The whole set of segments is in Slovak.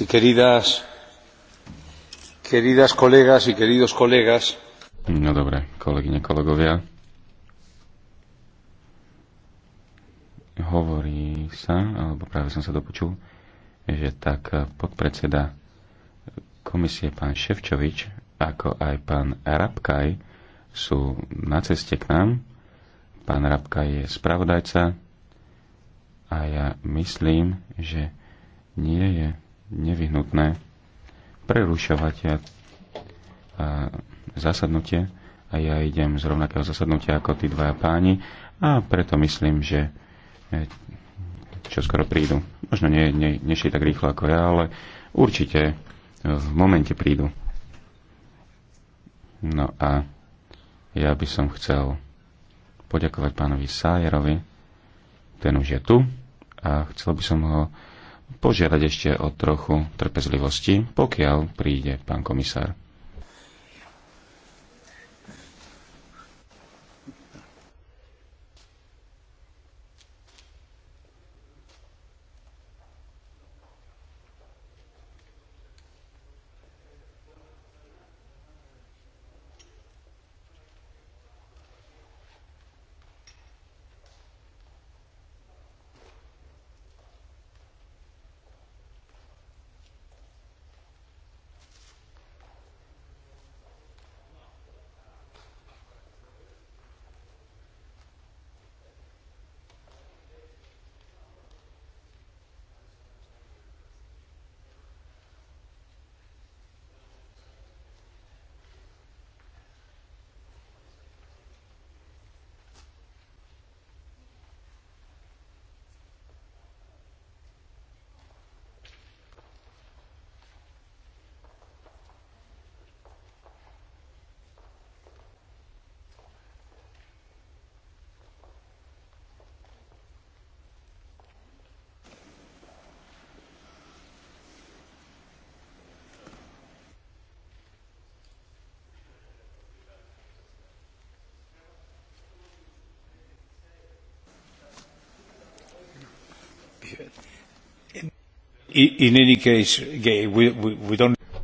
Si queridas, queridas colegas y queridos colegas. No dobre, kolegyne, kolegovia. Hovorí sa, alebo práve som sa dopočul, že tak podpredseda komisie pán Ševčovič, ako aj pán Rabkaj sú na ceste k nám. Pán Rabkaj je spravodajca a ja myslím, že nie je nevyhnutné prerušovať eh, zasadnutie a ja idem z rovnakého zasadnutia ako tí dvaja páni a preto myslím, že eh, čo skoro prídu. Možno nie, nie, nešli tak rýchlo ako ja, ale určite eh, v momente prídu. No a ja by som chcel poďakovať pánovi Sájerovi, ten už je tu a chcel by som ho požiadať ešte o trochu trpezlivosti, pokiaľ príde pán komisár.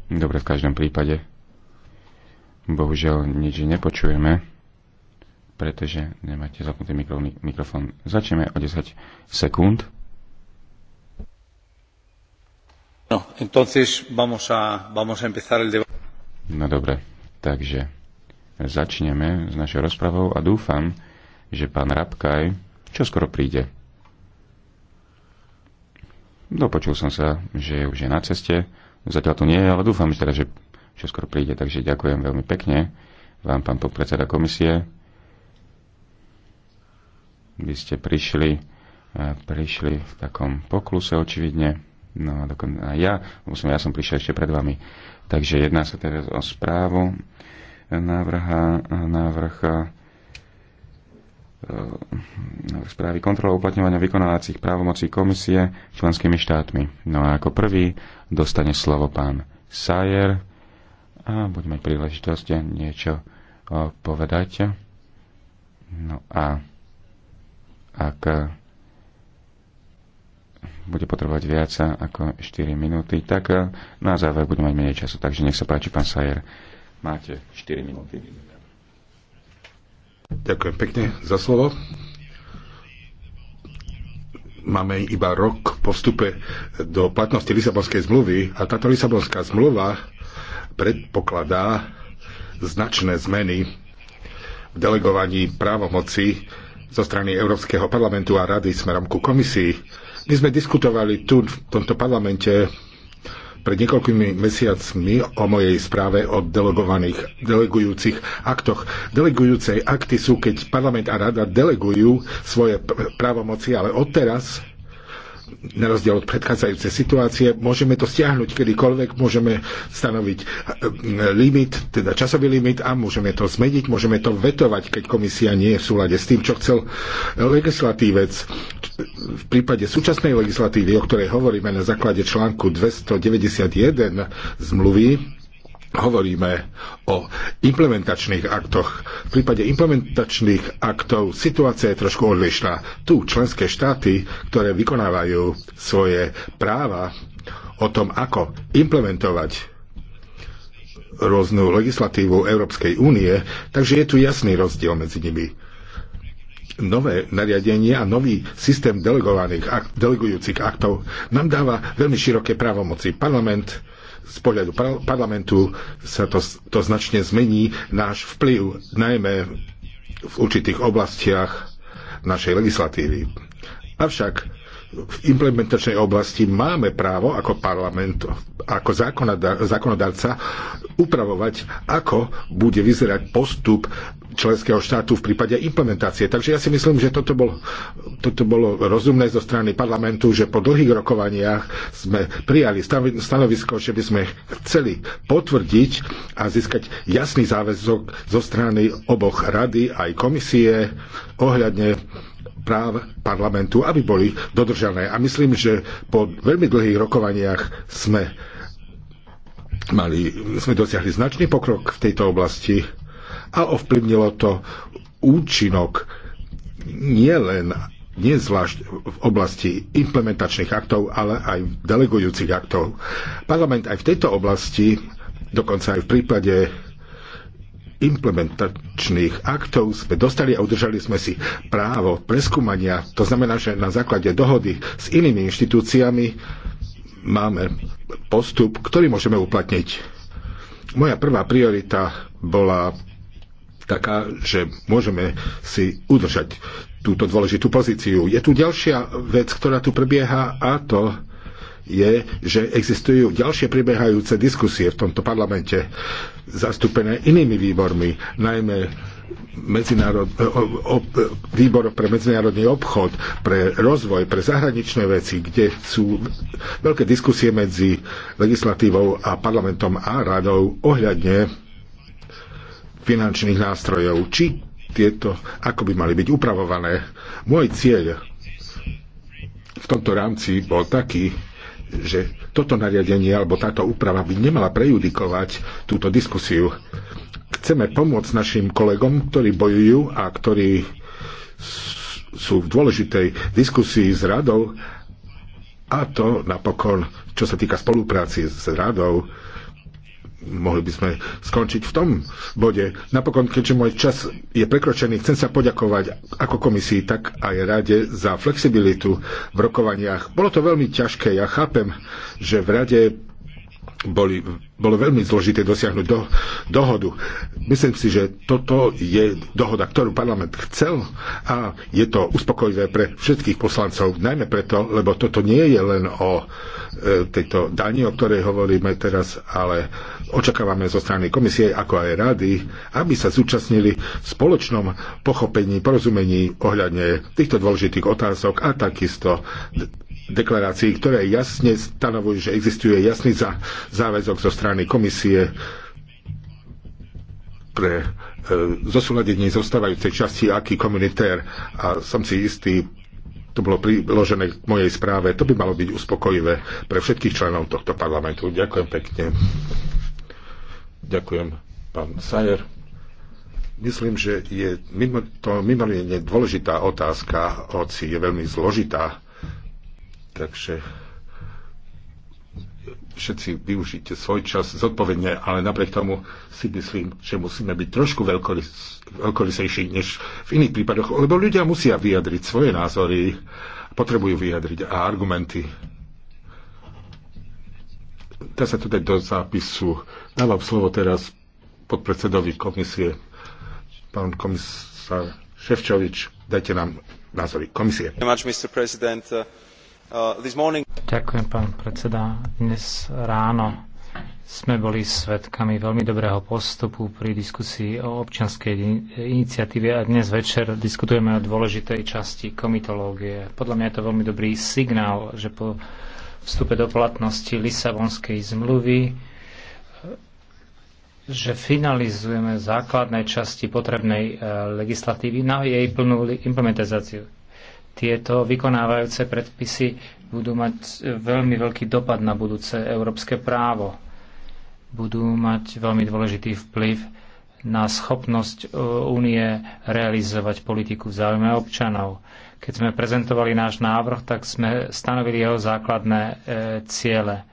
Dobre, v každom prípade. Bohužiaľ, nič nepočujeme, pretože nemáte zapnutý mikrofón. Začneme o 10 sekúnd. No, entonces vamos a, vamos a empezar el debate. No dobre, takže začneme s našou rozpravou a dúfam, že pán Rabkaj čoskoro príde. Dopočul no, som sa, že už je na ceste. Zatiaľ to nie je, ale dúfam, že, teda, že čo skoro príde. Takže ďakujem veľmi pekne vám, pán podpredseda komisie. Vy ste prišli, prišli v takom pokluse očividne. No a, dokonca ja, musím, ja som prišiel ešte pred vami. Takže jedná sa teraz o správu návrha, návrha. E, správy kontrola uplatňovania vykonávacích právomocí komisie členskými štátmi. No a ako prvý dostane slovo pán Sajer a budeme mať príležitosť niečo e, povedať. No a ak bude potrebovať viac ako 4 minúty, tak e, na záver budeme mať menej času. Takže nech sa páči, pán Sajer, máte 4 minúty. Ďakujem pekne za slovo. Máme iba rok po vstupe do platnosti Lisabonskej zmluvy a táto Lisabonská zmluva predpokladá značné zmeny v delegovaní právomoci zo strany Európskeho parlamentu a rady smerom ku komisii. My sme diskutovali tu v tomto parlamente pred niekoľkými mesiacmi o mojej správe o delegovaných, delegujúcich aktoch. Delegujúcej akty sú, keď parlament a rada delegujú svoje právomoci, ale odteraz na rozdiel od predchádzajúcej situácie. Môžeme to stiahnuť kedykoľvek, môžeme stanoviť e, e, limit, teda časový limit a môžeme to zmeniť, môžeme to vetovať, keď komisia nie je v súlade s tým, čo chcel legislatívec. V prípade súčasnej legislatívy, o ktorej hovoríme na základe článku 291 zmluvy, hovoríme o implementačných aktoch. V prípade implementačných aktov situácia je trošku odlišná. Tu členské štáty, ktoré vykonávajú svoje práva o tom, ako implementovať rôznu legislatívu Európskej únie, takže je tu jasný rozdiel medzi nimi. Nové nariadenie a nový systém delegovaných, delegujúcich aktov nám dáva veľmi široké právomoci. Parlament z pohľadu parlamentu sa to, to značne zmení náš vplyv, najmä v určitých oblastiach našej legislatívy. Avšak v implementačnej oblasti máme právo ako parlament, ako zákonodarca upravovať, ako bude vyzerať postup členského štátu v prípade implementácie. Takže ja si myslím, že toto, bol, toto bolo rozumné zo strany parlamentu, že po dlhých rokovaniach sme prijali stanovisko, že by sme chceli potvrdiť a získať jasný záväzok zo strany oboch rady aj komisie ohľadne práv parlamentu, aby boli dodržané. A myslím, že po veľmi dlhých rokovaniach sme, mali, sme dosiahli značný pokrok v tejto oblasti a ovplyvnilo to účinok nielen nezvlášť v oblasti implementačných aktov, ale aj delegujúcich aktov. Parlament aj v tejto oblasti, dokonca aj v prípade implementačných aktov sme dostali a udržali sme si právo preskúmania. To znamená, že na základe dohody s inými inštitúciami máme postup, ktorý môžeme uplatniť. Moja prvá priorita bola taká, že môžeme si udržať túto dôležitú pozíciu. Je tu ďalšia vec, ktorá tu prebieha a to je, že existujú ďalšie prebiehajúce diskusie v tomto parlamente zastúpené inými výbormi, najmä medzinárod, e, výbor pre medzinárodný obchod, pre rozvoj, pre zahraničné veci, kde sú veľké diskusie medzi legislatívou a parlamentom a radou ohľadne finančných nástrojov, či tieto, ako by mali byť upravované. Môj cieľ v tomto rámci bol taký, že toto nariadenie alebo táto úprava by nemala prejudikovať túto diskusiu. Chceme pomôcť našim kolegom, ktorí bojujú a ktorí sú v dôležitej diskusii s radou a to napokon, čo sa týka spolupráci s radou, mohli by sme skončiť v tom bode. Napokon, keďže môj čas je prekročený, chcem sa poďakovať ako komisii, tak aj rade za flexibilitu v rokovaniach. Bolo to veľmi ťažké. Ja chápem, že v rade boli, bolo veľmi zložité dosiahnuť do, dohodu. Myslím si, že toto je dohoda, ktorú parlament chcel a je to uspokojivé pre všetkých poslancov, najmä preto, lebo toto nie je len o e, tejto dani, o ktorej hovoríme teraz, ale očakávame zo strany komisie, ako aj rady, aby sa zúčastnili v spoločnom pochopení, porozumení ohľadne týchto dôležitých otázok a takisto deklarácií, ktoré jasne stanovujú, že existuje jasný záväzok zo strany komisie pre e, zosúladenie zostávajúcej časti aký komunitér a som si istý, to bolo priložené k mojej správe, to by malo byť uspokojivé pre všetkých členov tohto parlamentu. Ďakujem pekne. Ďakujem, pán Sajer. Myslím, že je mimo, to mimoriadne dôležitá otázka, hoci je veľmi zložitá Takže všetci využite svoj čas zodpovedne, ale napriek tomu si myslím, že musíme byť trošku veľkorysejší než v iných prípadoch, lebo ľudia musia vyjadriť svoje názory, potrebujú vyjadriť a argumenty. Dá sa to dať do zápisu. Dávam slovo teraz podpredsedovi komisie, pán komisár Ševčovič. Dajte nám názory komisie. Much, Uh, Ďakujem, pán predseda. Dnes ráno sme boli svetkami veľmi dobrého postupu pri diskusii o občianskej iniciatíve a dnes večer diskutujeme o dôležitej časti komitológie. Podľa mňa je to veľmi dobrý signál, že po vstupe do platnosti Lisabonskej zmluvy že finalizujeme základné časti potrebnej eh, legislatívy na jej plnú implementáciu. Tieto vykonávajúce predpisy budú mať veľmi veľký dopad na budúce európske právo. Budú mať veľmi dôležitý vplyv na schopnosť e, únie realizovať politiku v záujme občanov. Keď sme prezentovali náš návrh, tak sme stanovili jeho základné e, ciele.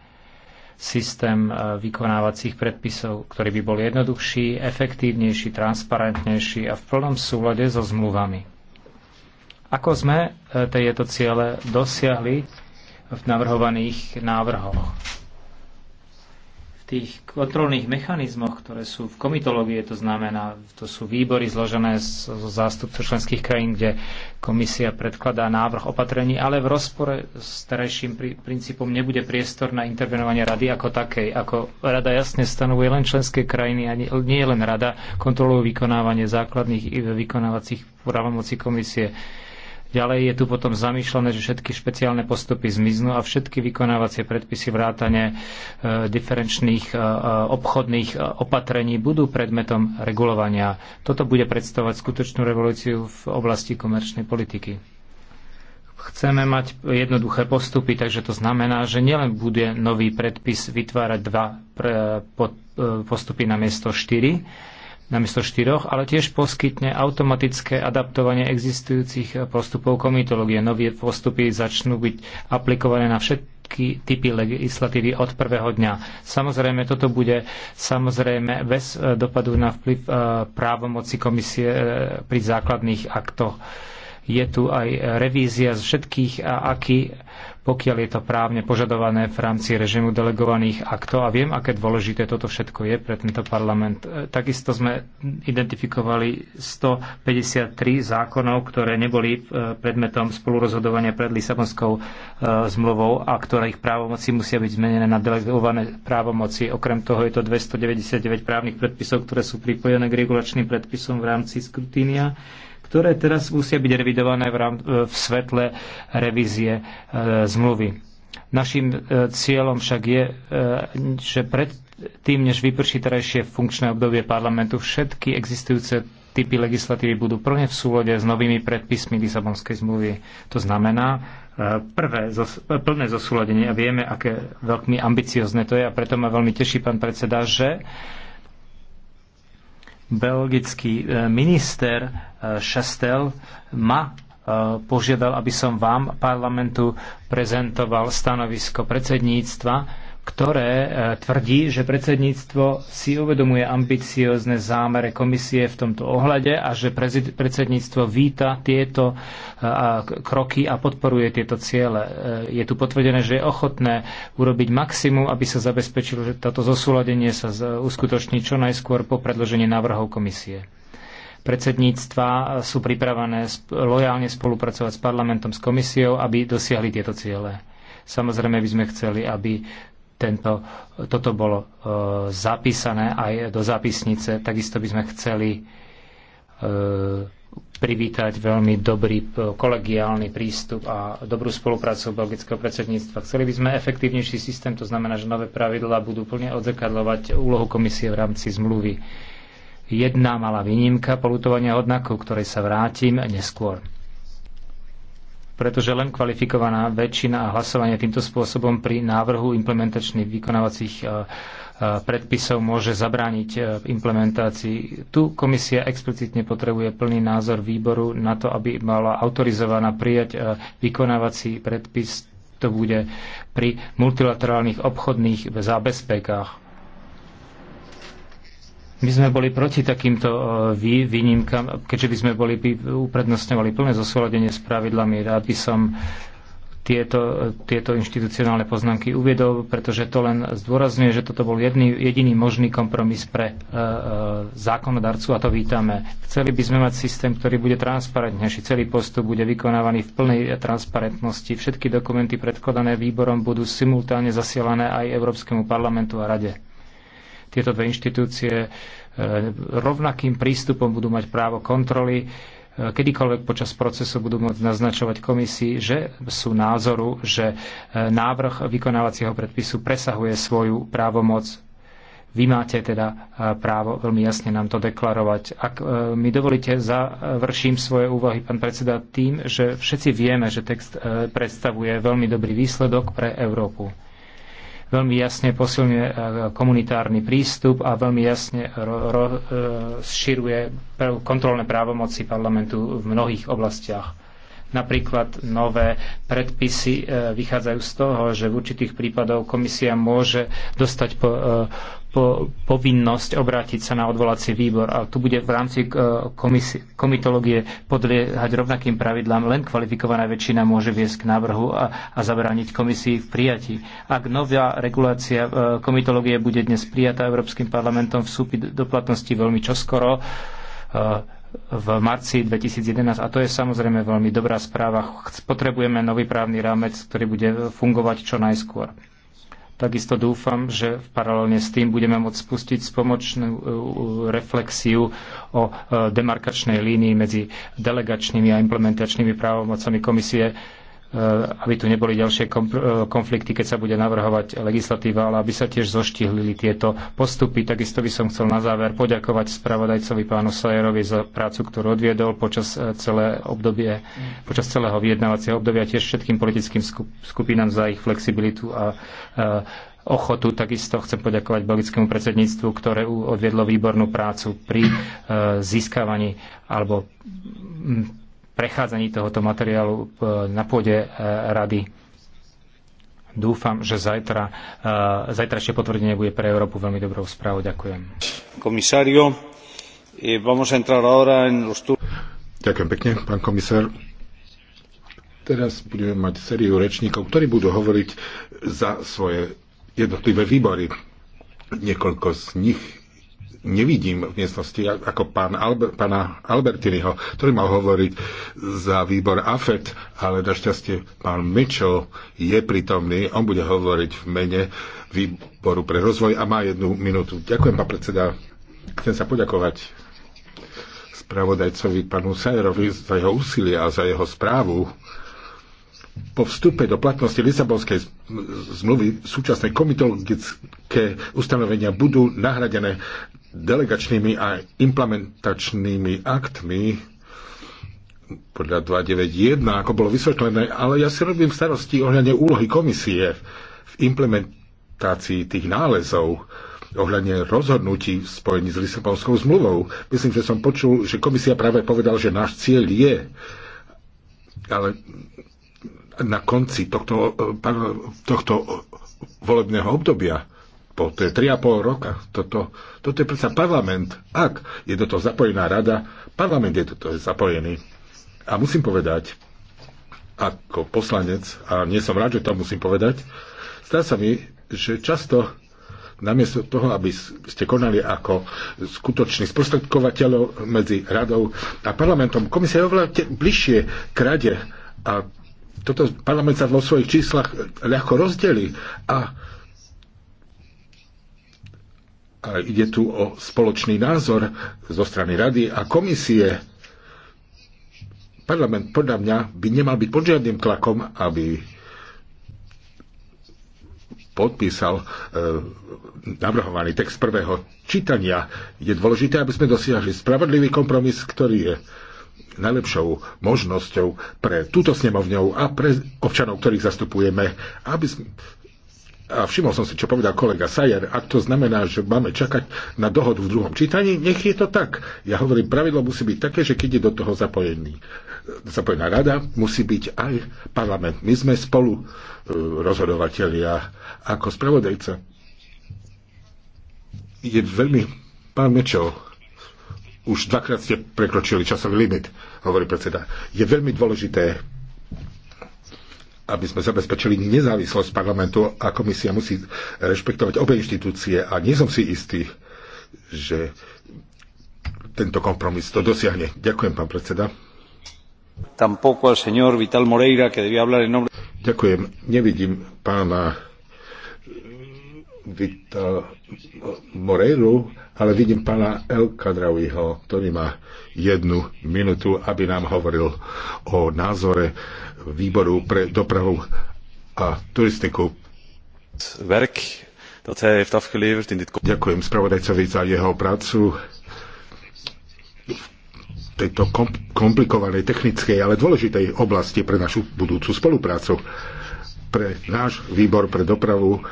Systém e, vykonávacích predpisov, ktorý by bol jednoduchší, efektívnejší, transparentnejší a v plnom súlade so zmluvami. Ako sme e, tieto ciele dosiahli v navrhovaných návrhoch? V tých kontrolných mechanizmoch, ktoré sú v komitológii, to znamená, to sú výbory zložené zo zástupcov členských krajín, kde komisia predkladá návrh opatrení, ale v rozpore s terajším princípom nebude priestor na intervenovanie rady ako takej. Ako rada jasne stanovuje, len členské krajiny a nie je len rada kontrolujú vykonávanie základných vykonávacích právomocí komisie Ďalej je tu potom zamýšľané, že všetky špeciálne postupy zmiznú a všetky vykonávacie predpisy vrátane e, diferenčných e, e, obchodných opatrení budú predmetom regulovania. Toto bude predstavovať skutočnú revolúciu v oblasti komerčnej politiky. Chceme mať jednoduché postupy, takže to znamená, že nielen bude nový predpis vytvárať dva postupy na miesto štyri, namiesto štyroch, ale tiež poskytne automatické adaptovanie existujúcich postupov komitológie. Nové postupy začnú byť aplikované na všetky typy legislatívy od prvého dňa. Samozrejme, toto bude samozrejme bez e, dopadu na vplyv e, právomoci komisie e, pri základných aktoch. Je tu aj revízia z všetkých aký pokiaľ je to právne požadované v rámci režimu delegovaných aktov. A viem, aké dôležité toto všetko je pre tento parlament. E, takisto sme identifikovali 153 zákonov, ktoré neboli e, predmetom spolurozhodovania pred Lisabonskou e, zmluvou a ktoré ich právomoci musia byť zmenené na delegované právomoci. Okrem toho je to 299 právnych predpisov, ktoré sú pripojené k regulačným predpisom v rámci skrutínia ktoré teraz musia byť revidované v, rám, e, v svetle revízie e, zmluvy. Našim e, cieľom však je, e, že pred tým, než vyprší terajšie funkčné obdobie parlamentu, všetky existujúce typy legislatívy budú plne v súlode s novými predpismi Lisabonskej zmluvy. To znamená e, prvé, e, plné zosúladenie a vieme, aké veľmi ambiciozne to je a preto ma veľmi teší pán predseda, že belgický e, minister e, Šastel ma e, požiadal, aby som vám parlamentu prezentoval stanovisko predsedníctva ktoré e, tvrdí, že predsedníctvo si uvedomuje ambiciozne zámere komisie v tomto ohľade a že predsedníctvo víta tieto e, kroky a podporuje tieto ciele. E, je tu potvrdené, že je ochotné urobiť maximum, aby sa zabezpečilo, že toto zosúladenie sa uskutoční čo najskôr po predložení návrhov komisie predsedníctva sú pripravené lojálne spolupracovať s parlamentom, s komisiou, aby dosiahli tieto ciele. Samozrejme by sme chceli, aby tento, toto bolo e, zapísané aj do zápisnice. Takisto by sme chceli e, privítať veľmi dobrý e, kolegiálny prístup a dobrú spoluprácu belgického predsedníctva. Chceli by sme efektívnejší systém, to znamená, že nové pravidlá budú plne odzrkadľovať úlohu komisie v rámci zmluvy. Jedna malá výnimka polutovania hodnakov, ktorej sa vrátim neskôr pretože len kvalifikovaná väčšina a hlasovanie týmto spôsobom pri návrhu implementačných vykonávacích e, e, predpisov môže zabrániť e, implementácii. Tu komisia explicitne potrebuje plný názor výboru na to, aby mala autorizovaná prijať vykonávací predpis. To bude pri multilaterálnych obchodných zábezpekách my sme boli proti takýmto e, výnimkám, keďže by sme boli, by uprednostňovali plné zosúladenie s pravidlami. Rád by som tieto, tieto inštitucionálne poznámky uviedol, pretože to len zdôrazňuje, že toto bol jedný, jediný možný kompromis pre uh, zákonodarcu a to vítame. Chceli by sme mať systém, ktorý bude transparentnejší. Celý postup bude vykonávaný v plnej transparentnosti. Všetky dokumenty predkladané výborom budú simultánne zasielané aj Európskemu parlamentu a Rade tieto dve inštitúcie e, rovnakým prístupom budú mať právo kontroly, e, kedykoľvek počas procesu budú môcť naznačovať komisii, že sú názoru, že e, návrh vykonávacieho predpisu presahuje svoju právomoc. Vy máte teda právo veľmi jasne nám to deklarovať. Ak mi dovolíte, završím svoje úvahy, pán predseda, tým, že všetci vieme, že text predstavuje veľmi dobrý výsledok pre Európu veľmi jasne posilňuje e, komunitárny prístup a veľmi jasne e, rozširuje kontrolné právomoci parlamentu v mnohých oblastiach. Napríklad nové predpisy e, vychádzajú z toho, že v určitých prípadoch komisia môže dostať povinnosť obrátiť sa na odvolací výbor a tu bude v rámci e, komisi, komitológie podliehať rovnakým pravidlám. Len kvalifikovaná väčšina môže viesť k návrhu a, a zabrániť komisii v prijatí. Ak nová regulácia e, komitológie bude dnes prijatá Európskym parlamentom, súpi do platnosti veľmi čoskoro e, v marci 2011 a to je samozrejme veľmi dobrá správa. Potrebujeme nový právny rámec, ktorý bude fungovať čo najskôr. Takisto dúfam, že paralelne s tým budeme môcť spustiť spomočnú e, reflexiu o e, demarkačnej línii medzi delegačnými a implementačnými právomocami komisie, E, aby tu neboli ďalšie e, konflikty, keď sa bude navrhovať legislatíva, ale aby sa tiež zoštihlili tieto postupy. Takisto by som chcel na záver poďakovať spravodajcovi pánu Sajerovi za prácu, ktorú odviedol počas, e, celé obdobie, počas celého vyjednávacieho obdobia, tiež všetkým politickým skupinám za ich flexibilitu a, ochotu. Takisto chcem poďakovať belgickému predsedníctvu, ktoré odviedlo výbornú prácu pri získavaní alebo prechádzaní tohoto materiálu e, na pôde e, rady. Dúfam, že zajtra, e, zajtrajšie potvrdenie bude pre Európu veľmi dobrou správou. Ďakujem. Komisario, vamos a entrar ahora en los... Ďakujem pekne, pán komisár. Teraz budeme mať sériu rečníkov, ktorí budú hovoriť za svoje jednotlivé výbory. Niekoľko z nich nevidím v miestnosti ako pán Albert, pána Albertiniho, ktorý mal hovoriť za výbor AFET, ale našťastie pán Mitchell je prítomný, on bude hovoriť v mene výboru pre rozvoj a má jednu minútu. Ďakujem, pán predseda. Chcem sa poďakovať spravodajcovi panu Sajerovi za jeho úsilie a za jeho správu po vstupe do platnosti Lisabonskej zmluvy súčasné komitologické ustanovenia budú nahradené delegačnými a implementačnými aktmi podľa 291, ako bolo vysvetlené, ale ja si robím starosti ohľadne úlohy komisie v implementácii tých nálezov ohľadne rozhodnutí v spojení s Lisabonskou zmluvou. Myslím, že som počul, že komisia práve povedal, že náš cieľ je, ale na konci tohto, tohto volebného obdobia, po to je 3,5 roka, toto, toto je predsa parlament. Ak je do toho zapojená rada, parlament je do toho zapojený. A musím povedať, ako poslanec, a nie som rád, že to musím povedať, zdá sa mi, že často namiesto toho, aby ste konali ako skutoční sprostredkovateľov medzi radou a parlamentom, komisia je oveľa bližšie k rade a toto parlament sa vo svojich číslach ľahko rozdelí a, a ide tu o spoločný názor zo strany rady a komisie. Parlament podľa mňa by nemal byť pod žiadnym tlakom, aby podpísal e, navrhovaný text prvého čítania. Je dôležité, aby sme dosiahli spravodlivý kompromis, ktorý je najlepšou možnosťou pre túto snemovňou a pre občanov, ktorých zastupujeme, aby sme a všimol som si, čo povedal kolega Sajer, ak to znamená, že máme čakať na dohodu v druhom čítaní, nech je to tak. Ja hovorím, pravidlo musí byť také, že keď je do toho zapojený, zapojená rada, musí byť aj parlament. My sme spolu e, rozhodovatelia ako spravodajca. Je veľmi... Pán Mečov, už dvakrát ste prekročili časový limit, hovorí predseda. Je veľmi dôležité, aby sme zabezpečili nezávislosť parlamentu a komisia musí rešpektovať obe inštitúcie a nie som si istý, že tento kompromis to dosiahne. Ďakujem, pán predseda. Tampoco al señor Vital Moreira, que debía hablar en nombre... Ďakujem. Nevidím pána Vital Moreiru, ale vidím pána El Kadrawiho, ktorý má jednu minútu, aby nám hovoril o názore výboru pre dopravu a turistiku. Werk, dat hij heeft afgeleverd in dit... Ďakujem spravodajcovi za jeho prácu v tejto komplikovanej, technickej, ale dôležitej oblasti pre našu budúcu spoluprácu. Pre náš výbor pre dopravu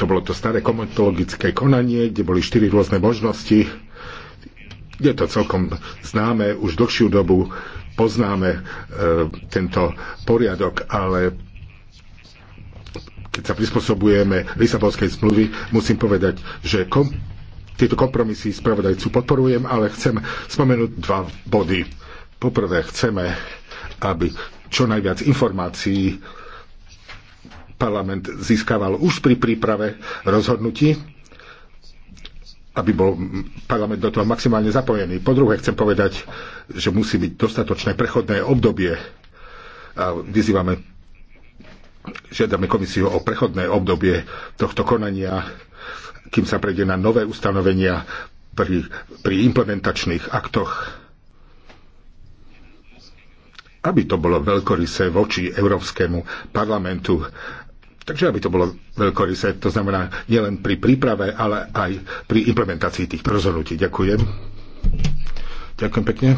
to bolo to staré komitologické konanie, kde boli štyri rôzne možnosti. Je to celkom známe, už dlhšiu dobu poznáme e, tento poriadok, ale keď sa prispôsobujeme Lisabonskej zmluvy, musím povedať, že kom, tieto kompromisy spravodajcu podporujem, ale chcem spomenúť dva body. Poprvé, chceme, aby čo najviac informácií parlament získaval už pri príprave rozhodnutí, aby bol parlament do toho maximálne zapojený. Po druhé, chcem povedať, že musí byť dostatočné prechodné obdobie a vyzývame, žiadame komisiu o prechodné obdobie tohto konania, kým sa prejde na nové ustanovenia pri, pri implementačných aktoch aby to bolo veľkorysé voči Európskemu parlamentu Takže aby to bolo veľkorysé, to znamená nielen pri príprave, ale aj pri implementácii tých rozhodnutí. Ďakujem. Ďakujem pekne.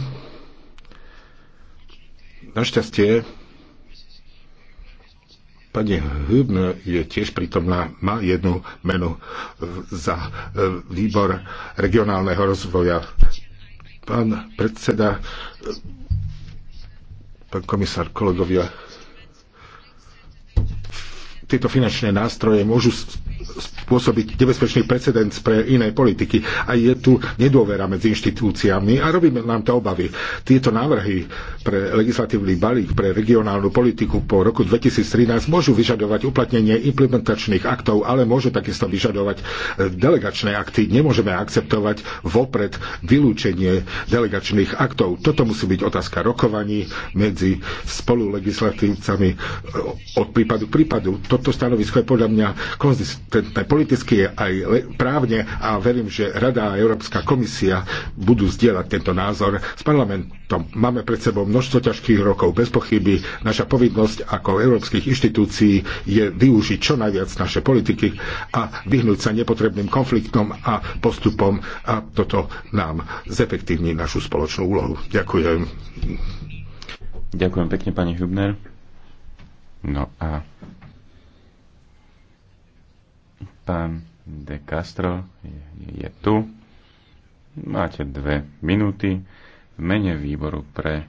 Našťastie Pani Hübn je tiež prítomná, má jednu menu za e, výbor regionálneho rozvoja. Pán predseda, e, pán komisár, kolegovia, tieto finančné nástroje môžu spôsobiť nebezpečný precedens pre iné politiky. A je tu nedôvera medzi inštitúciami a robíme nám to obavy. Tieto návrhy pre legislatívny balík pre regionálnu politiku po roku 2013 môžu vyžadovať uplatnenie implementačných aktov, ale môžu takisto vyžadovať e, delegačné akty. Nemôžeme akceptovať vopred vylúčenie delegačných aktov. Toto musí byť otázka rokovaní medzi spolulegislatívcami e, od prípadu k prípadu. Toto stanovisko je podľa mňa konzistentné kompetentné politicky aj právne a verím, že Rada a Európska komisia budú zdieľať tento názor s parlamentom. Máme pred sebou množstvo ťažkých rokov. Bez pochyby naša povinnosť ako európskych inštitúcií je využiť čo najviac naše politiky a vyhnúť sa nepotrebným konfliktom a postupom a toto nám zefektívni našu spoločnú úlohu. Ďakujem. Ďakujem pekne, pani Hübner. No a Pán De Castro je, je tu. Máte dve minúty v mene výboru pre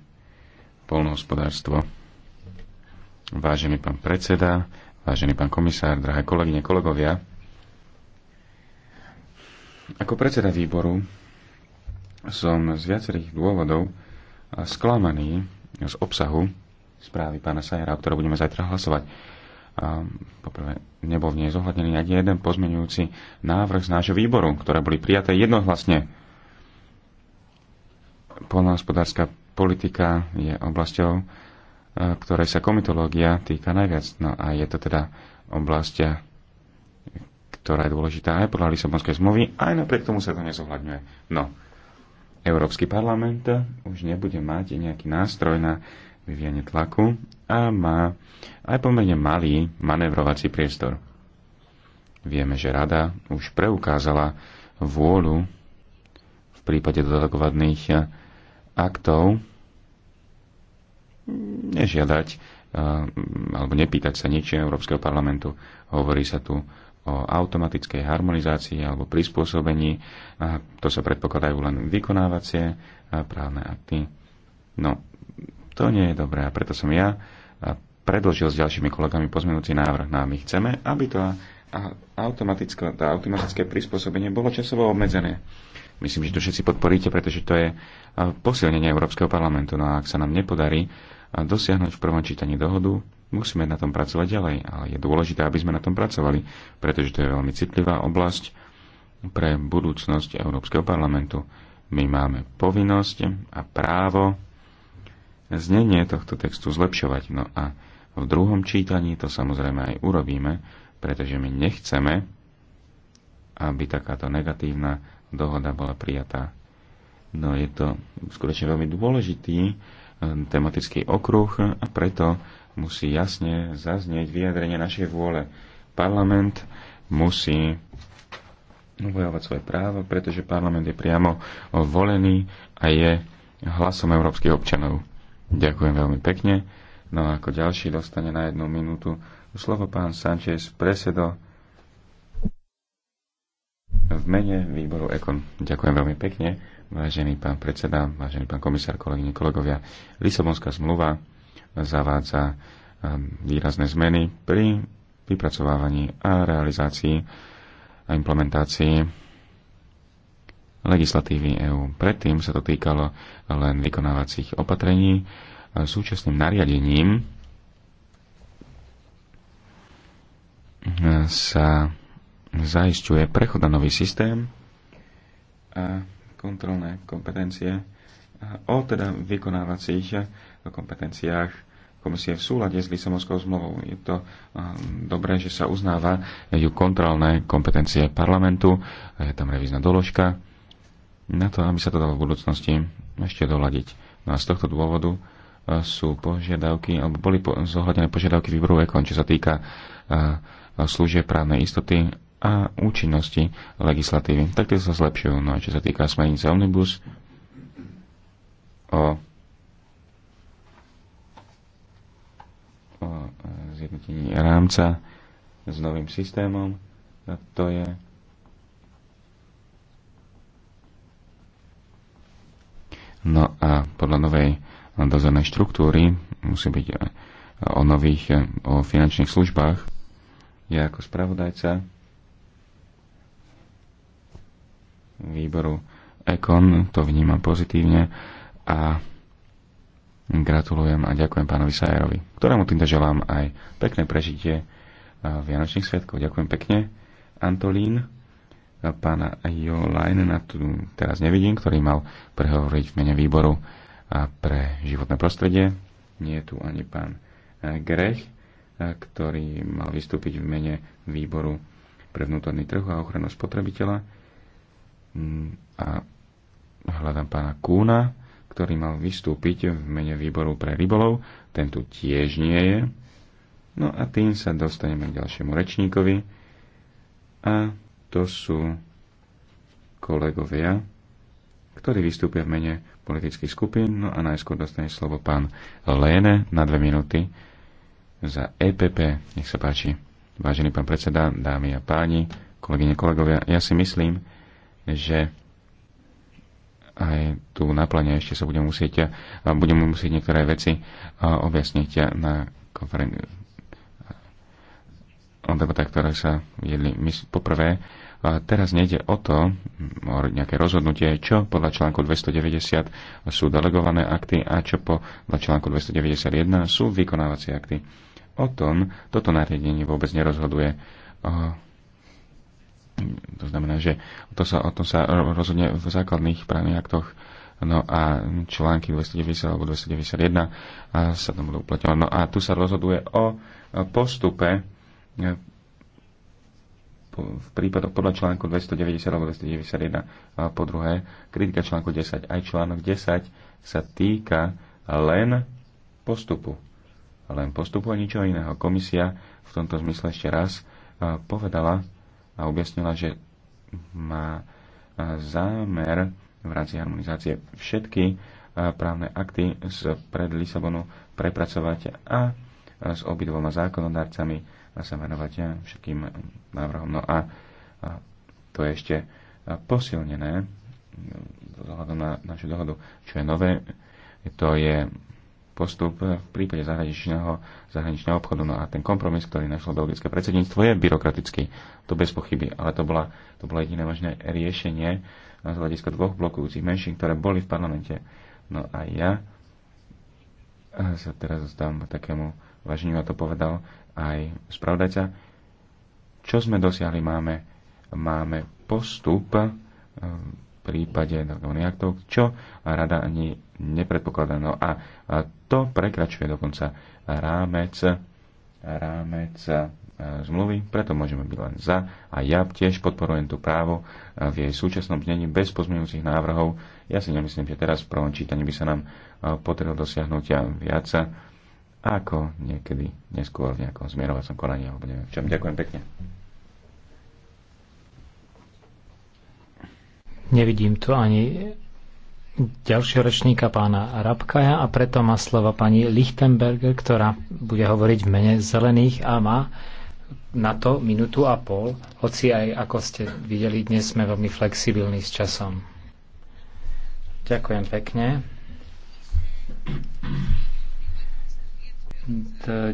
polnohospodárstvo. Vážený pán predseda, vážený pán komisár, drahé kolegyne, kolegovia, ako predseda výboru som z viacerých dôvodov sklamaný z obsahu správy pána Sajera, o ktorej budeme zajtra hlasovať poprvé nebol v nej zohľadnený ani jeden pozmenujúci návrh z nášho výboru, ktoré boli prijaté jednohlasne. Polnohospodárska politika je oblasťou, e, ktorej sa komitológia týka najviac. No a je to teda oblasť, e, ktorá je dôležitá aj podľa Lisabonskej zmluvy, aj napriek tomu sa to nezohľadňuje. No, Európsky parlament už nebude mať nejaký nástroj na vyvíjanie tlaku a má aj pomerne malý manevrovací priestor. Vieme, že rada už preukázala vôľu v prípade dodatkovadných aktov nežiadať eh, alebo nepýtať sa nič Európskeho parlamentu. Hovorí sa tu o automatickej harmonizácii alebo prispôsobení. A to sa predpokladajú len vykonávacie a právne akty. No, to nie je dobré a preto som ja predložil s ďalšími kolegami pozmenúci návrh. No a my chceme, aby to automatické, tá automatické prispôsobenie bolo časovo obmedzené. Myslím, že to všetci podporíte, pretože to je posilnenie Európskeho parlamentu. No a ak sa nám nepodarí dosiahnuť v prvom čítaní dohodu, musíme na tom pracovať ďalej. Ale je dôležité, aby sme na tom pracovali, pretože to je veľmi citlivá oblasť pre budúcnosť Európskeho parlamentu. My máme povinnosť a právo znenie tohto textu zlepšovať. No a v druhom čítaní, to samozrejme aj urobíme, pretože my nechceme, aby takáto negatívna dohoda bola prijatá. No je to skutočne veľmi dôležitý e, tematický okruh a preto musí jasne zaznieť vyjadrenie našej vôle. Parlament musí uvojovať svoje právo, pretože parlament je priamo volený a je hlasom európskych občanov. Ďakujem veľmi pekne. No a ako ďalší dostane na jednu minútu slovo pán Sanchez, presedo v mene výboru Ekon. Ďakujem veľmi pekne, vážený pán predseda, vážený pán komisár, kolegyne, kolegovia. Lisabonská zmluva zavádza um, výrazné zmeny pri vypracovávaní a realizácii a implementácii legislatívy EÚ. Predtým sa to týkalo len vykonávacích opatrení, súčasným nariadením sa zaisťuje prechod na nový systém a kontrolné kompetencie o teda vykonávacích kompetenciách komisie v súlade s Lisabonskou zmluvou. Je to dobré, že sa uznáva ju kontrolné kompetencie parlamentu, je tam revízna doložka na to, aby sa to dalo v budúcnosti ešte doľadiť. No a z tohto dôvodu sú požiadavky, alebo boli zohľadené požiadavky výboru EKON, čo sa týka služie právnej istoty a účinnosti legislatívy. Tak tie sa zlepšujú. No a čo sa týka smernice Omnibus o, o zjednotení rámca s novým systémom, a to je No a podľa novej dozornej štruktúry, musí byť e, o nových, e, o finančných službách. Ja ako spravodajca výboru Ekon to vnímam pozitívne a gratulujem a ďakujem pánovi Sajerovi, ktorému týmto želám aj pekné prežitie e, Vianočných svetkov. Ďakujem pekne. Antolín, pána Jo na tu teraz nevidím, ktorý mal prehovoriť v mene výboru pre životné prostredie. Nie je tu ani pán e, Grech, e, ktorý mal vystúpiť v mene výboru pre vnútorný trh a ochranu spotrebiteľa. Mm, a hľadám pána Kúna, ktorý mal vystúpiť v mene výboru pre rybolov. Ten tu tiež nie je. No a tým sa dostaneme k ďalšiemu rečníkovi. A to sú kolegovia ktorý vystúpia v mene politických skupín. No a najskôr dostane slovo pán Léne na dve minúty za EPP. Nech sa páči. Vážený pán predseda, dámy a páni, kolegyne, kolegovia, ja si myslím, že aj tu na plane ešte sa budeme musieť, budem musieť niektoré veci objasniť na konferencii o debatách, ktoré sa jedli. My poprvé Teraz nejde o to, o nejaké rozhodnutie, čo podľa článku 290 sú delegované akty a čo podľa článku 291 sú vykonávacie akty. O tom toto nariadenie vôbec nerozhoduje. To znamená, že to sa, o tom sa rozhodne v základných právnych aktoch no a články 290 alebo 291 sa tam budú uplatňovať. No a tu sa rozhoduje o postupe v prípadoch podľa článku 290 alebo 291 a po druhé kritika článku 10. Aj článok 10 sa týka len postupu. Len postupu a ničoho iného. Komisia v tomto zmysle ešte raz povedala a objasnila, že má zámer v rámci harmonizácie všetky právne akty z pred Lisabonu prepracovať a s obidvoma zákonodárcami sa venovať všetkým návrhom. No a to je ešte posilnené vzhľadom na našu dohodu. Čo je nové, to je postup v prípade zahraničného, zahraničného obchodu. No a ten kompromis, ktorý našlo belgické predsedníctvo, je byrokratický. To bez pochyby. Ale to, bola, to bolo jediné možné riešenie z hľadiska dvoch blokujúcich menšín, ktoré boli v parlamente. No a ja sa teraz zostávam takému váženiu, a to povedal aj sa, Čo sme dosiahli? Máme, máme postup eh, v prípade delegovaných aktov, čo rada ani nepredpokladá. No a to prekračuje dokonca rámec, rámec eh, zmluvy, preto môžeme byť len za a ja tiež podporujem tú právo eh, v jej súčasnom znení bez pozmeňujúcich návrhov. Ja si nemyslím, že teraz v prvom čítaní by sa nám podarilo dosiahnuť viac ako niekedy neskôr v nejakom zmierovacom konaní alebo neviem v čom. Ďakujem pekne. Nevidím tu ani ďalšieho rečníka pána Rabkaja a preto má slova pani Lichtenberger, ktorá bude hovoriť v mene zelených a má na to minútu a pol, hoci aj ako ste videli, dnes sme veľmi flexibilní s časom. Ďakujem pekne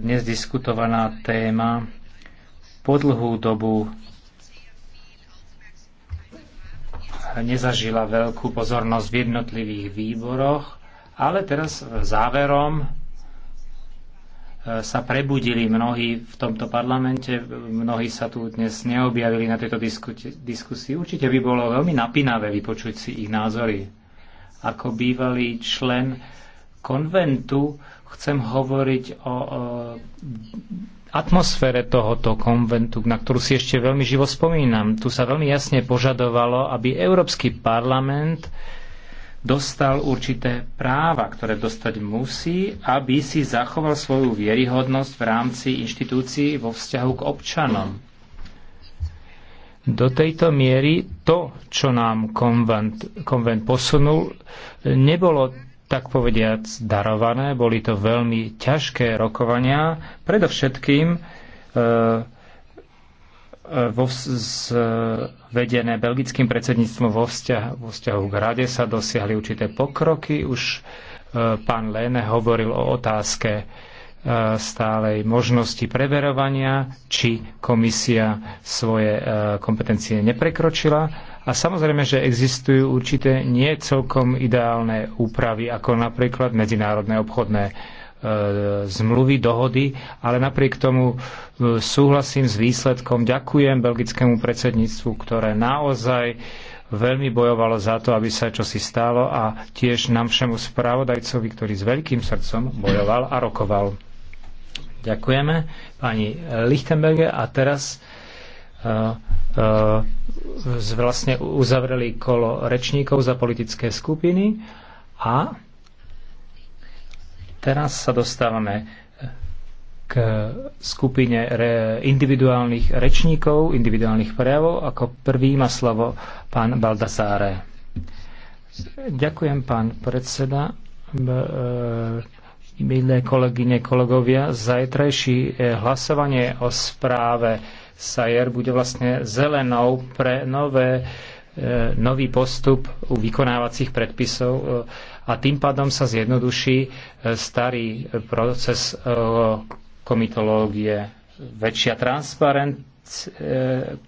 dnes diskutovaná téma po dlhú dobu nezažila veľkú pozornosť v jednotlivých výboroch, ale teraz záverom e, sa prebudili mnohí v tomto parlamente, mnohí sa tu dnes neobjavili na tejto diskusii. Určite by bolo veľmi napínavé vypočuť si ich názory. Ako bývalý člen konventu Chcem hovoriť o, o atmosfére tohoto konventu, na ktorú si ešte veľmi živo spomínam. Tu sa veľmi jasne požadovalo, aby Európsky parlament dostal určité práva, ktoré dostať musí, aby si zachoval svoju vieryhodnosť v rámci inštitúcií vo vzťahu k občanom. Do tejto miery to, čo nám konvent, konvent posunul, nebolo tak povediac darované. Boli to veľmi ťažké rokovania, predovšetkým e, e, vo vz, e, vedené belgickým predsedníctvom vo, vzťah, vo vzťahu k rade sa dosiahli určité pokroky. Už e, pán Lene hovoril o otázke e, stálej možnosti preverovania, či komisia svoje e, kompetencie neprekročila. A samozrejme, že existujú určité nie celkom ideálne úpravy, ako napríklad medzinárodné obchodné e, zmluvy, dohody, ale napriek tomu e, súhlasím s výsledkom. Ďakujem belgickému predsedníctvu, ktoré naozaj veľmi bojovalo za to, aby sa čosi stalo a tiež nám všemu spravodajcovi, ktorý s veľkým srdcom bojoval a rokoval. Ďakujeme pani Lichtenberge a teraz e, E, vlastne uzavreli kolo rečníkov za politické skupiny a teraz sa dostávame k skupine re, individuálnych rečníkov, individuálnych prejavov. Ako prvý má slovo pán Baldasáre. Ďakujem, pán predseda. B, e, Milé kolegyne, kolegovia, zajtrajší e, hlasovanie o správe Sayer bude vlastne zelenou pre nové, e, nový postup u vykonávacích predpisov e, a tým pádom sa zjednoduší e, starý proces komitológie. Väčšia transparent,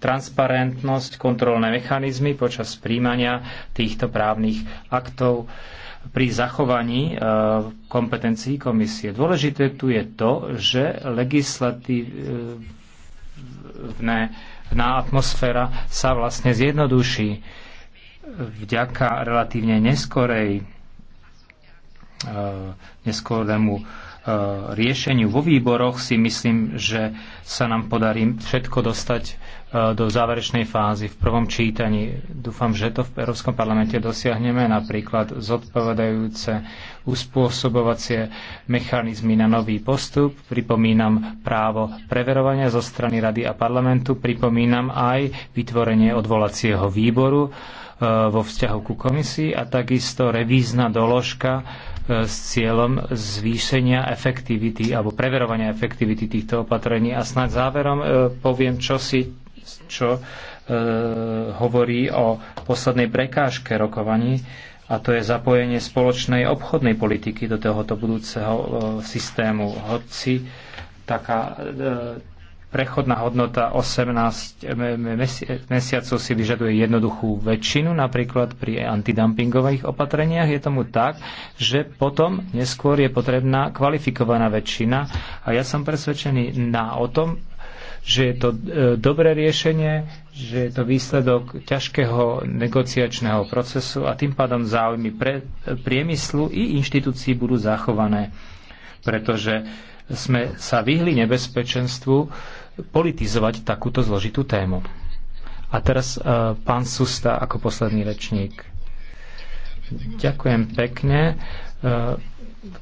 transparentnosť, kontrolné mechanizmy počas príjmania týchto právnych aktov pri zachovaní kompetencií komisie. Dôležité tu je to, že legislatív, na atmosféra sa vlastne zjednoduší vďaka relatívne neskorej E, neskôrnemu e, riešeniu vo výboroch si myslím, že sa nám podarí všetko dostať e, do záverečnej fázy v prvom čítaní. Dúfam, že to v Európskom parlamente dosiahneme, napríklad zodpovedajúce uspôsobovacie mechanizmy na nový postup. Pripomínam právo preverovania zo strany Rady a parlamentu, pripomínam aj vytvorenie odvolacieho výboru vo vzťahu ku komisii a takisto revízna doložka e, s cieľom zvýšenia efektivity alebo preverovania efektivity týchto opatrení. A snáď záverom e, poviem čo si čo e, hovorí o poslednej prekážke rokovaní, a to je zapojenie spoločnej obchodnej politiky do tohoto budúceho systému. Hoci taká prechodná hodnota 18 mesiacov si vyžaduje jednoduchú väčšinu, napríklad pri antidumpingových opatreniach je tomu tak, že potom neskôr je potrebná kvalifikovaná väčšina a ja som presvedčený na o tom, že je to e, dobré riešenie, že je to výsledok ťažkého negociačného procesu a tým pádom záujmy pre, priemyslu i inštitúcií budú zachované, pretože sme sa vyhli nebezpečenstvu, politizovať takúto zložitú tému. A teraz e, pán Susta ako posledný rečník. Ďakujem pekne. E,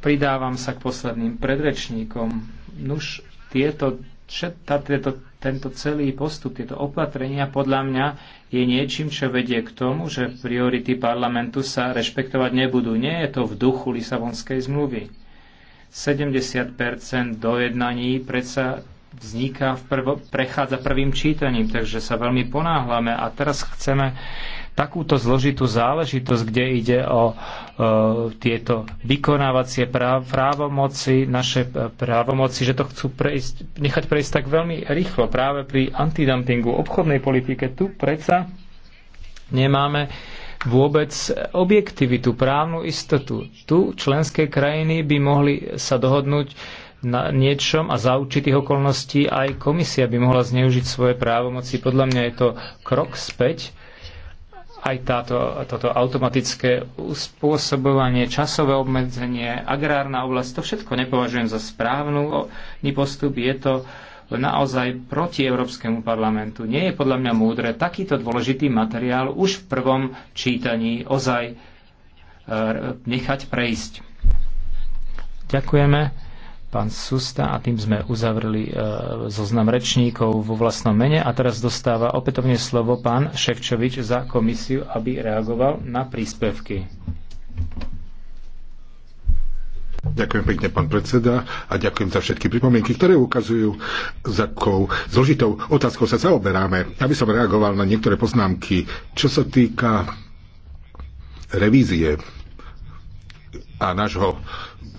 pridávam sa k posledným predrečníkom. Nuž, tieto, tieto, tento celý postup, tieto opatrenia podľa mňa je niečím, čo vedie k tomu, že priority parlamentu sa rešpektovať nebudú. Nie je to v duchu Lisabonskej zmluvy. 70 dojednaní predsa vzniká, v prvo, prechádza prvým čítaním, takže sa veľmi ponáhlame a teraz chceme takúto zložitú záležitosť, kde ide o e, tieto vykonávacie práv, právomoci, naše e, právomoci, že to chcú prejsť, nechať prejsť tak veľmi rýchlo práve pri antidumpingu, obchodnej politike. Tu predsa nemáme vôbec objektivitu, právnu istotu. Tu členské krajiny by mohli sa dohodnúť na niečom a za určitých okolností aj komisia by mohla zneužiť svoje právomoci. Podľa mňa je to krok späť. Aj táto, toto automatické uspôsobovanie, časové obmedzenie, agrárna oblasť, to všetko nepovažujem za správnu postup. Je to naozaj proti Európskemu parlamentu. Nie je podľa mňa múdre takýto dôležitý materiál už v prvom čítaní ozaj e, nechať prejsť. Ďakujeme pán Susta a tým sme uzavreli e, zoznam rečníkov vo vlastnom mene a teraz dostáva opätovne slovo pán Ševčovič za komisiu, aby reagoval na príspevky. Ďakujem pekne, pán predseda, a ďakujem za všetky pripomienky, ktoré ukazujú, za akou zložitou otázkou sa zaoberáme. Aby som reagoval na niektoré poznámky, čo sa týka revízie a nášho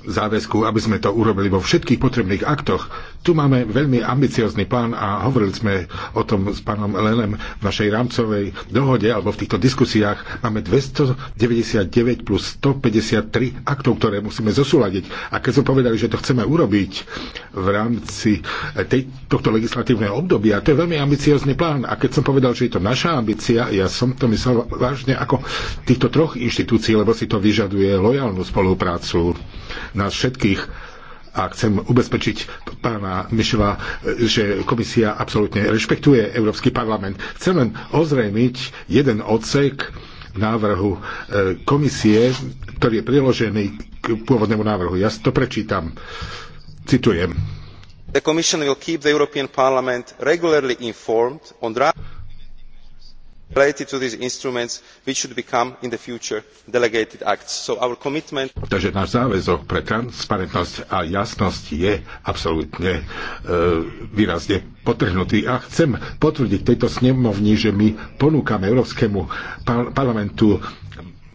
záväzku, aby sme to urobili vo všetkých potrebných aktoch, tu máme veľmi ambiciozný plán a hovorili sme o tom s pánom Lenem v našej rámcovej dohode alebo v týchto diskusiách. Máme 299 plus 153 aktov, ktoré musíme zosúľadiť. A keď sme povedali, že to chceme urobiť v rámci tej, tohto legislatívneho obdobia, to je veľmi ambiciozný plán. A keď som povedal, že je to naša ambícia, ja som to myslel vážne ako týchto troch inštitúcií, lebo si to vyžaduje lojálnu spoluprácu nás všetkých a chcem ubezpečiť pána Mišova, že komisia absolútne rešpektuje Európsky parlament. Chcem len ozrejmiť jeden odsek návrhu e, komisie, ktorý je priložený k pôvodnému návrhu. Ja to prečítam. Citujem. The Commission will keep the European Parliament regularly informed on draft related to these instruments which should become in the future delegated acts. So our commitment... Takže náš záväzok pre transparentnosť a jasnosť je absolútne e, výrazne potrhnutý a chcem potvrdiť tejto snemovni, že my ponúkame Európskemu par- parlamentu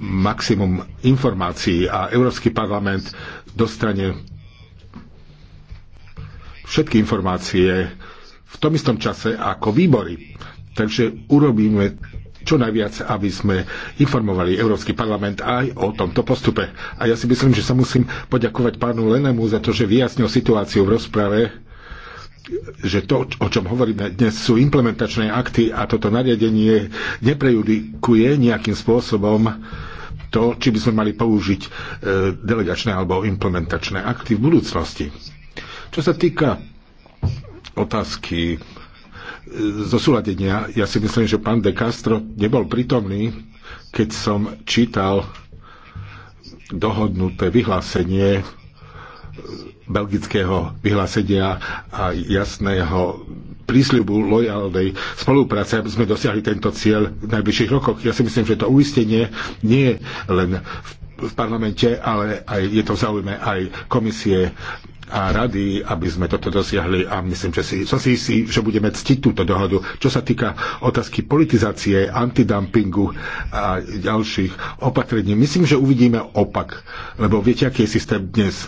maximum informácií a Európsky parlament dostane všetky informácie v tom istom čase ako výbory. Takže urobíme čo najviac, aby sme informovali Európsky parlament aj o tomto postupe. A ja si myslím, že sa musím poďakovať pánu Lenemu za to, že vyjasnil situáciu v rozprave že to, o čom hovoríme dnes, sú implementačné akty a toto nariadenie neprejudikuje nejakým spôsobom to, či by sme mali použiť e, delegačné alebo implementačné akty v budúcnosti. Čo sa týka otázky zosúladenia. Ja si myslím, že pán De Castro nebol prítomný, keď som čítal dohodnuté vyhlásenie belgického vyhlásenia a jasného prísľubu lojálnej spolupráce, aby sme dosiahli tento cieľ v najbližších rokoch. Ja si myslím, že to uistenie nie je len v v parlamente, ale aj je to v záujme aj komisie a rady, aby sme toto dosiahli a myslím, že si, som si istý, že budeme ctiť túto dohodu. Čo sa týka otázky politizácie, antidumpingu a ďalších opatrení, myslím, že uvidíme opak, lebo viete, aký je systém dnes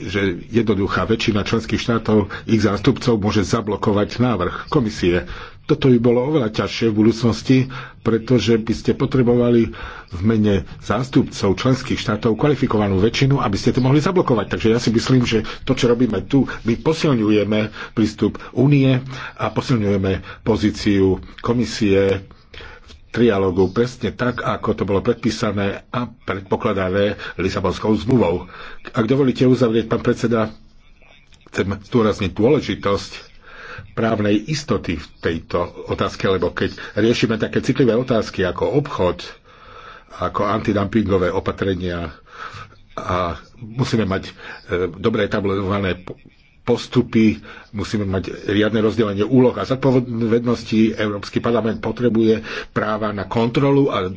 že jednoduchá väčšina členských štátov, ich zástupcov môže zablokovať návrh komisie. Toto by bolo oveľa ťažšie v budúcnosti, pretože by ste potrebovali v mene zástupcov členských štátov kvalifikovanú väčšinu, aby ste to mohli zablokovať. Takže ja si myslím, že to, čo robíme tu, my posilňujeme prístup únie a posilňujeme pozíciu komisie trialógu presne tak, ako to bolo predpísané a predpokladané Lisabonskou zmluvou. Ak dovolíte uzavrieť, pán predseda, chcem zdôrazniť dôležitosť právnej istoty v tejto otázke, lebo keď riešime také citlivé otázky ako obchod, ako antidumpingové opatrenia, a musíme mať e, dobre etablované postupy, musíme mať riadne rozdelenie úloh a zodpovedností. Európsky parlament potrebuje práva na kontrolu a um,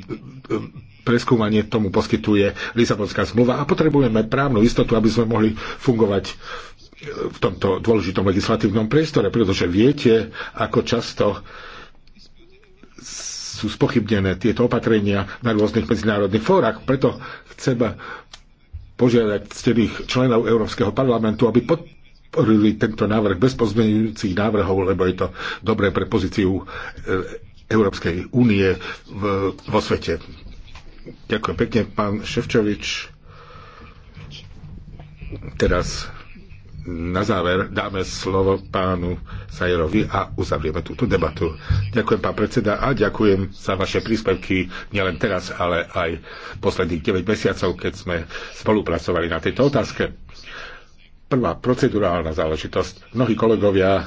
preskúmanie tomu poskytuje Lisabonská zmluva a potrebujeme právnu istotu, aby sme mohli fungovať uh, v tomto dôležitom legislatívnom priestore, pretože viete, ako často sú spochybnené tieto opatrenia na rôznych medzinárodných fórach. Preto chcem požiadať ctených členov Európskeho parlamentu, aby pod podporili tento návrh bez pozmeňujúcich návrhov, lebo je to dobré pre pozíciu e, Európskej únie vo svete. Ďakujem pekne, pán Ševčovič. Teraz na záver dáme slovo pánu Sajerovi a uzavrieme túto debatu. Ďakujem, pán predseda, a ďakujem za vaše príspevky nielen teraz, ale aj posledných 9 mesiacov, keď sme spolupracovali na tejto otázke. Prvá procedurálna záležitosť. Mnohí kolegovia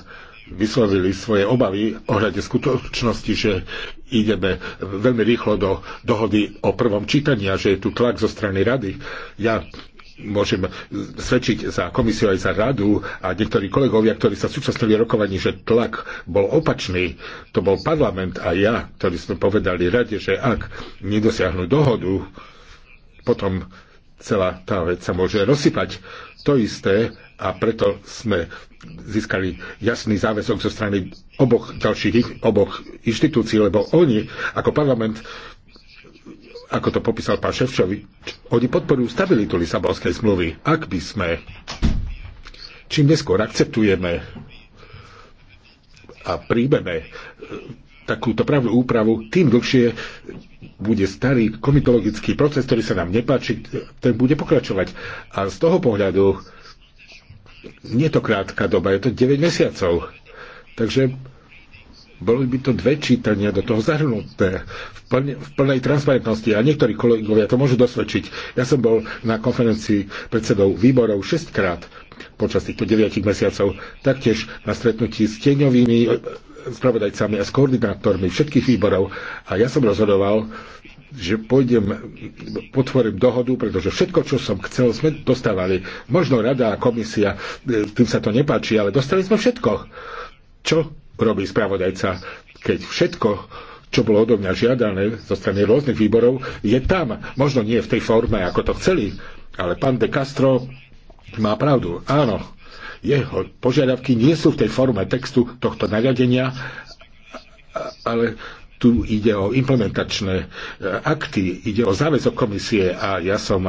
vyslovili svoje obavy ohľade skutočnosti, že ideme veľmi rýchlo do dohody o prvom čítaní a že je tu tlak zo strany rady. Ja môžem svedčiť za komisiu aj za radu a niektorí kolegovia, ktorí sa súčasnili rokovaní, že tlak bol opačný. To bol parlament a ja, ktorí sme povedali rade, že ak nedosiahnu dohodu, potom celá tá vec sa môže rozsypať to isté a preto sme získali jasný záväzok zo strany oboch ďalších oboch inštitúcií, lebo oni ako parlament ako to popísal pán Ševčovi, oni podporujú stabilitu Lisabonskej zmluvy. Ak by sme čím neskôr akceptujeme a príjmeme takúto právnu úpravu, tým dlhšie bude starý komitologický proces, ktorý sa nám nepáči, ten bude pokračovať. A z toho pohľadu nie je to krátka doba, je to 9 mesiacov. Takže boli by to dve čítania do toho zahrnuté v, plne, v plnej transparentnosti a niektorí kolegovia to môžu dosvedčiť. Ja som bol na konferencii predsedov výborov šestkrát počas týchto 9 mesiacov, taktiež na stretnutí s tieňovými spravodajcami a s koordinátormi všetkých výborov a ja som rozhodoval, že pôjdem, potvorím dohodu, pretože všetko, čo som chcel, sme dostávali. Možno rada a komisia, e, tým sa to nepáči, ale dostali sme všetko. Čo robí spravodajca, keď všetko, čo bolo odo mňa žiadané zo strany rôznych výborov, je tam. Možno nie v tej forme, ako to chceli, ale pán de Castro má pravdu. Áno, jeho požiadavky nie sú v tej forme textu tohto nariadenia, ale tu ide o implementačné akty, ide o záväzok komisie a ja som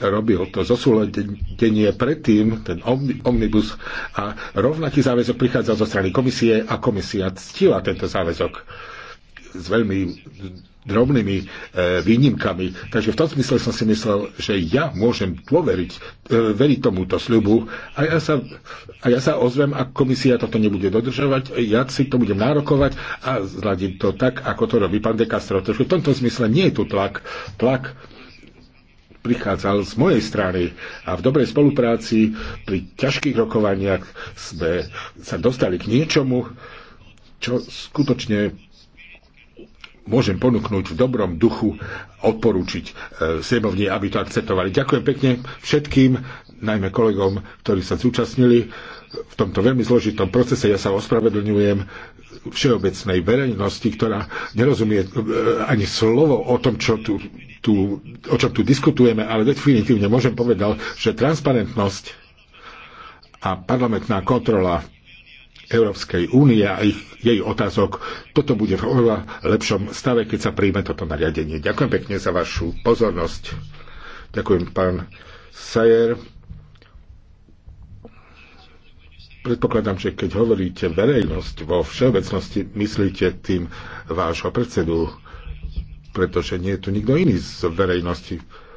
robil to zosúladenie predtým, ten omnibus a rovnaký záväzok prichádza zo strany komisie a komisia ctila tento záväzok s veľmi drobnými e, výnimkami. Takže v tom smysle som si myslel, že ja môžem dôveriť, e, veriť tomuto sľubu a ja, sa, a ja sa ozvem, ak komisia toto nebude dodržovať, ja si to budem nárokovať a zladím to tak, ako to robí pán Dekastro. Takže v tomto smysle nie je tu tlak. Tlak prichádzal z mojej strany a v dobrej spolupráci pri ťažkých rokovaniach sme sa dostali k niečomu, čo skutočne môžem ponúknuť v dobrom duchu odporúčiť e, srebovne, aby to akceptovali. Ďakujem pekne všetkým, najmä kolegom, ktorí sa zúčastnili v tomto veľmi zložitom procese. Ja sa ospravedlňujem všeobecnej verejnosti, ktorá nerozumie e, ani slovo o tom, čo tu, tu, o čom tu diskutujeme, ale definitívne môžem povedať, že transparentnosť a parlamentná kontrola Európskej únie a ich, jej otázok. Toto bude v oveľa lepšom stave, keď sa príjme toto nariadenie. Ďakujem pekne za vašu pozornosť. Ďakujem, pán Sajer. Predpokladám, že keď hovoríte verejnosť vo všeobecnosti, myslíte tým vášho predsedu, pretože nie je tu nikto iný z verejnosti.